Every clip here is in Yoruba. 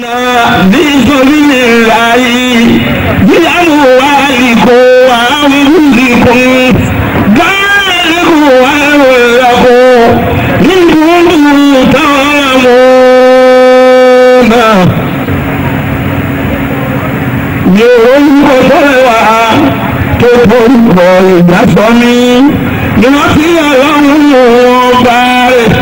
nítorí lè ra yìí bí àwọn wa lè kó àwọn lè kó gáàlè lè kó àwọn lè kó nítorí táwọn mọ̀ náà. yòówó yíkọ sọ́rọ̀ wá tó forúkọ ìgbà sọ ní ni wọ́n ti yà lọ́rùn wọn bá rẹ̀.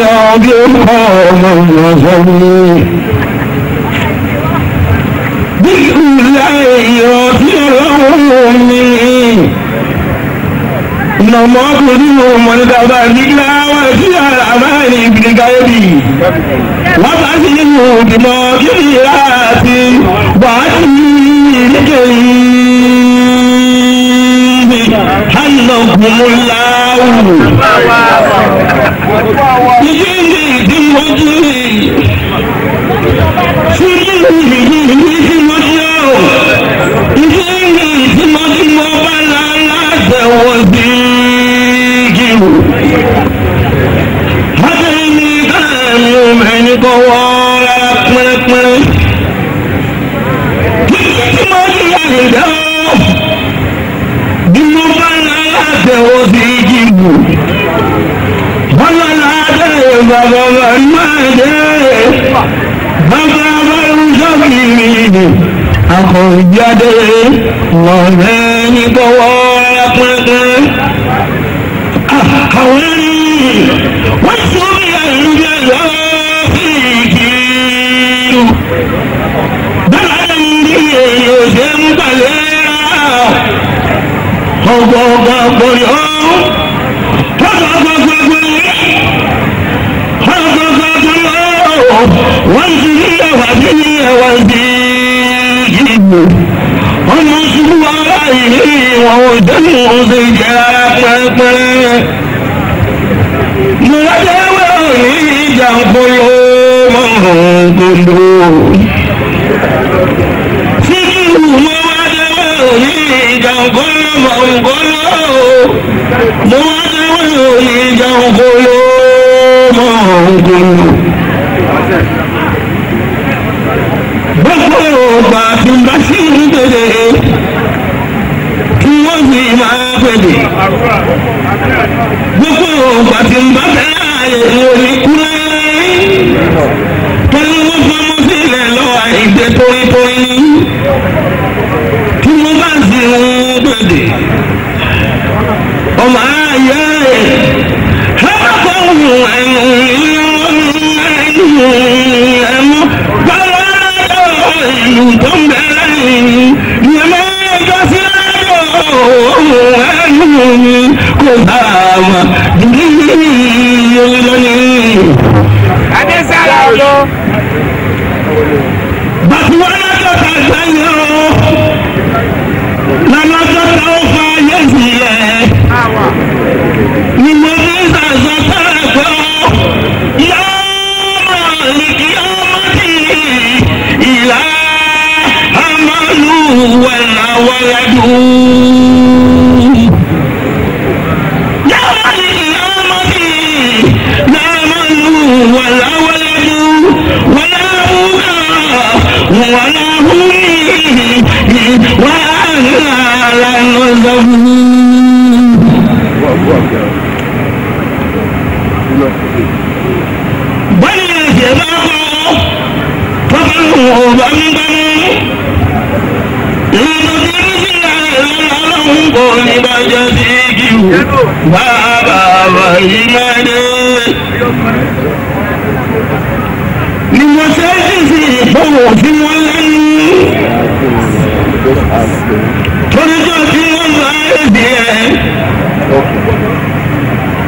بها من يصلي بسم الله يغفر Ìnàmọ́ kò ní mo mọ̀ ní dàbà nígbà wà sí àmáàrí ìgbìnigá ẹbí. Wọ́n bá sí nínú ìdìmọ̀ kí ní ìrá àti wù. Ìdí ìdí mojú. Ṣé ìdí ìdí mojú. jáde lọ́rẹ́ ní bọ́wọ́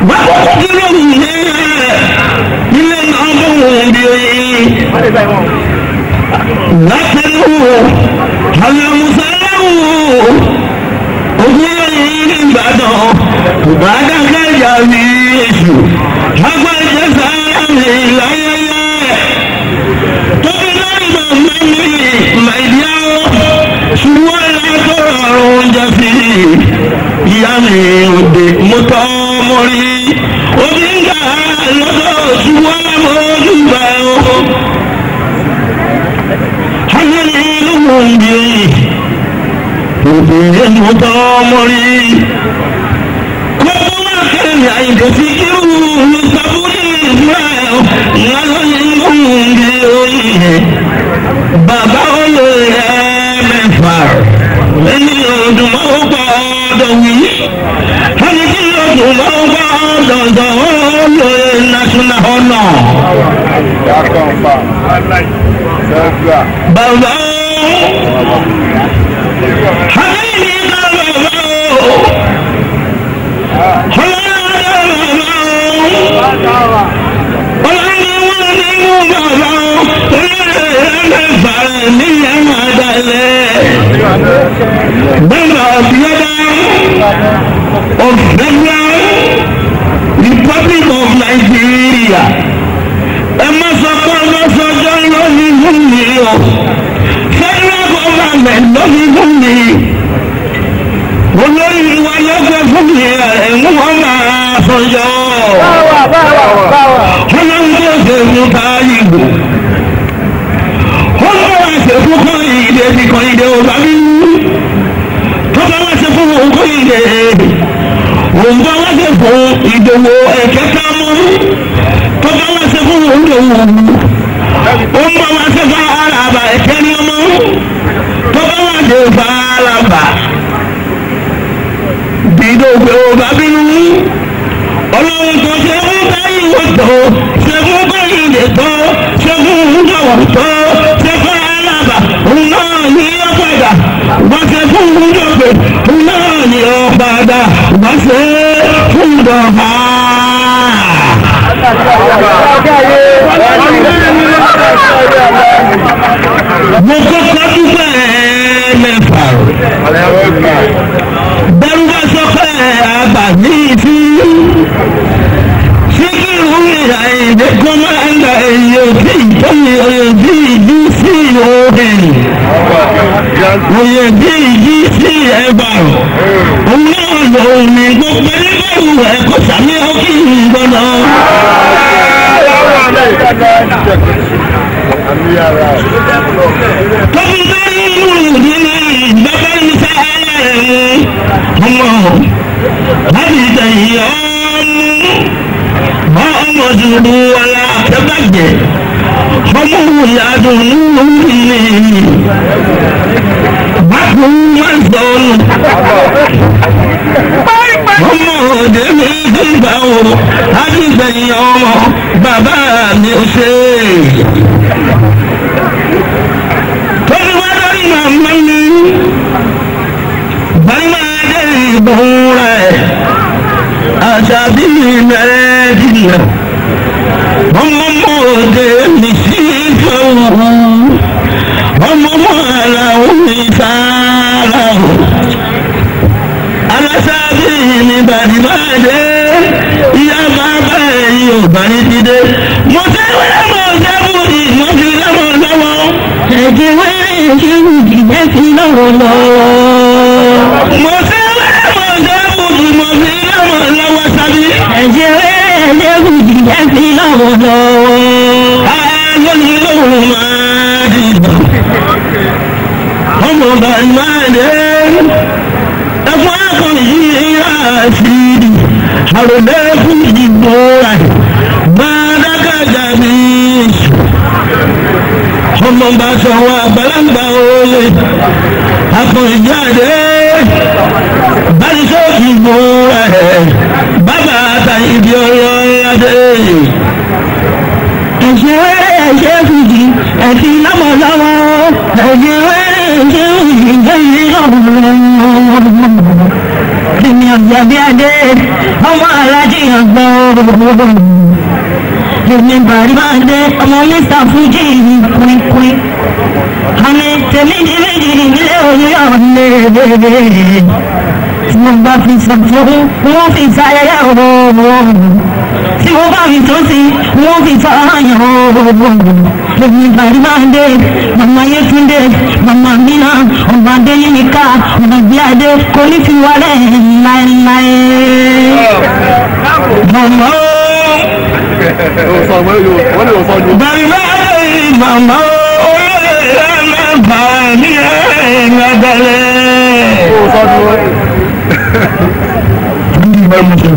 báwo kò fi lóhùn náà ilé náà bó wọn bí oyin lápẹ̀lú alamusawu ogunlóyin nìbàdàn ìbádàkẹ́jà ní èṣù agbẹ́jẹsà ní láyẹyẹ tóbi lórí màmá mi màdíà ṣùgbọ́n látọ̀rọ̀ oúnjẹ ìyá mi òde mo tọ́ mo rí omi ń gbà lọ́dọ̀ ṣùgbọ́n mo jù bá o. Hanyani ló wù ń bí òde mo tọ́ mo rí. Kókó máa kẹ́rin àyìnkè sí irú mi sábúrì ìgbà ẹ̀ ńlá lọ́yẹ̀ ń wù ń bí òye. Bàbá olóyè mẹ́fà ẹni ọdún máa ń gbọ́ ọdọ̀ wí. ẹni tí ọdún máa ń gbọ́ ọdọ̀ ọdọ̀ ọlọ́ ẹ̀ national honour. bàbá àbẹ́yìn ní bá bàbá o. ọlọ́dọ̀ bàbá o ọlọ́run wọn ní mú bàbá ọlọ́run ẹ̀ ń bẹ̀rẹ̀ níyà. Ghana of of Ghana Republic of Nigeria ẹ má sọ pé ọmọ sọjọ́ lórí fún mi federal government lórí fún olórí wa lọ́gbẹ́ fún mi ẹ̀ ń wọ́n. dòwò ẹ̀kẹ́ tá a mú tó bá wá ṣe fún òun dòwò ó ń bá wá ṣe fún àràbà ẹ̀kẹ́ ni ọmọ tó bá wá ṣe fún àràbà dídò òbá bínú ọlọ́run tó ṣe fún báyìí wò tó ṣe fún báyìí lè tó ṣe fún òun dòwò tó ṣe fún àràbà òun náà ní ọ̀padà wá ṣe fún òun dòwò òun náà ní ọ̀padà wá ṣe é dọ̀fà. mo kọ́kọ́ dúpẹ́ ẹ̀ẹ́mẹ́fà bẹ́rù bá sọ pé àbà ní ìfí síkírù ìyá èdè kọ́mọ́ndà èyí òbí ìtọ́ni òbí ìdí sí òbí òyè bí ìdí sí ẹ̀bà òun ọ̀dọ̀ òní gbogbo ẹlẹ́gbẹ̀rún ẹ̀kọ́ sàmì ọkì ìgbọ̀nà. Tọ́kítà nínú ìdílé ìgbẹ́fẹ́ níṣẹ́ ẹlẹ́rìí ọmọ láti ìtẹ̀yìn ọ̀hún bá ọmọ dùdú ọ̀la àtẹ́bàjẹ́ ọmọ òun ìyá dùn nínú bákun máa ń sọ ọmọdé mi ń gbà wò adúgbẹ̀yìn ọmọ bàbá mi ò ṣe dé ìbọn sí ìfẹ́ wò ọmọọmọ aláwọ ìfàlà alásáàbì ní bàdìbàdé ìyá bàbá ẹ̀yìn ọ̀bà ní dídé mo ti wí lọ́mọ sẹ́fù mo ti lọ́mọ lọ́wọ́. ẹ̀jẹ̀ wá ẹ̀jẹ̀ ìdí bẹ́ẹ̀ ti lọ́wọ́ ẹ̀jẹ̀ wá ẹ̀jẹ̀ ìdí bẹ́ẹ̀ ti lọ́wọ́ ìdìbò ọmọ bàbá rẹ ẹ̀fọ́ ẹ̀kọ́ yìí àti àròlẹ́kùn ìdìbò rẹ bàdákàjà mi. ọmọ bá sọ wọn àgbàlagbà olè akọ̀ìjáde báyìí sọ́ọ̀kì ìbò rẹ bàbá àtàyè ibi ọlọ́ọ̀yàdé. ìṣòro ẹ̀sìn lọ́mọlọ́wọ́ ẹ̀yìn wẹ́rẹ́ ṣé ìgbẹ́ yìí lọ́wọ́. Kìnìún ọ̀jẹ̀ bí adé ọmọ alájí ọgbọ́n. Èmi bàrí bá dé ọmọ Mr. Fuji pínpín. Àmì tèmi ní méjì nílé oyún ọ̀lẹ́ tí mo bá fi sọ fún wọn fi sáyẹyẹ ooo tí mo bá fi tó sí wọn fi sọ àyàn ooo. நீ வருவாண்டே நம்ம இருக்குண்டே நம்ம மீனா உன் வந்தே நிக்கா உன் வியாடு கொலிச்சு வாழே நாய் நாய் மாமா வருவாய் மாமா பாணியே நகலே Thank you.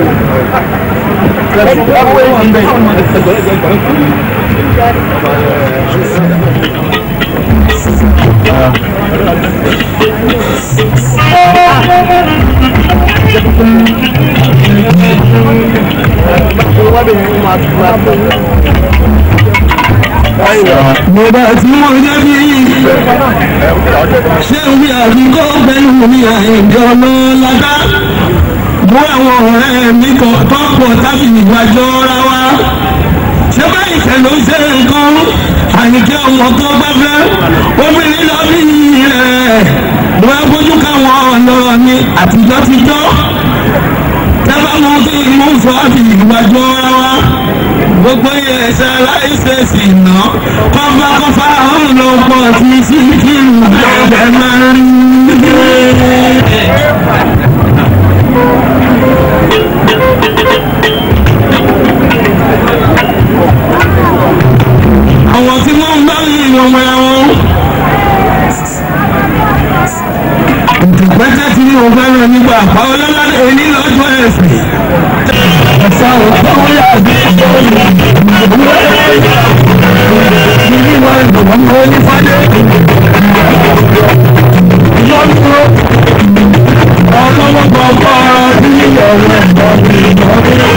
mo bá tí mo jẹ́ bí ṣé omi àbíkọ́ pẹ̀lú mi àìjọ lọ́ládá bú àwọn ọ̀rẹ́ mi kọ̀ tọ́pọ̀ tábì ìgbàjọ́ ra wa. ṣé báyìí tẹ̀lé ó ṣe nǹkan àyíké ọmọ tó bá fẹ́ obìnrin lọ bí rẹ̀ mo bá bójú káwọn ọ̀nà mi àtijọ́ ti jọ́ tẹ́lá mo kí n mú sọ àbí ìgbàjọ́ ra wa gbogbo ẹsẹ aláìsẹsì iná kọfà kọfà ọlọ́pàá sí kí n bẹ̀rẹ̀ máa ń rí àwọn tí wọ́n ń bá yìí lọ́wọ́ ẹ̀rọ. ìtìpẹ́tẹ́ tí mo fẹ́ràn nígbà àpá ọlọ́lá èyí lọ́jọ́ ẹ̀sìn. ọ̀sà òkú yà bí ìjọba ìgbàgbọ́ ẹ̀yà ìdílé wa ìjọba ń wọlé fadé. ìjọba ọlọ́wọ́ gbọ́ ọgbọ́ ọ̀rọ̀. Hare Hare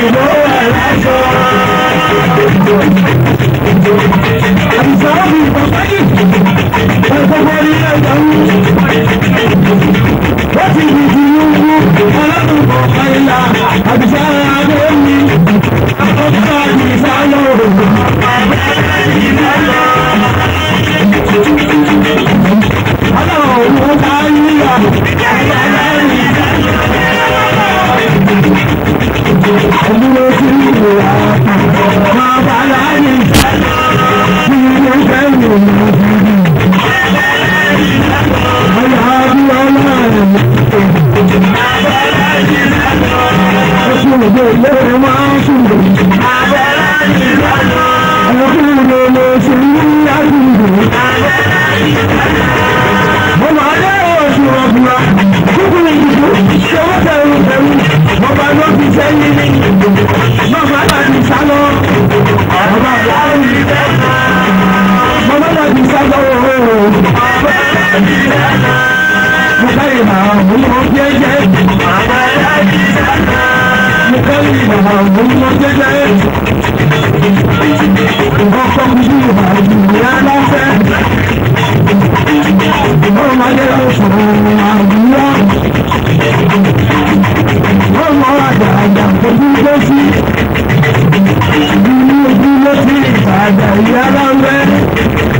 you know àgbà ìyá bá ń bẹ́.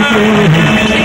Thank you.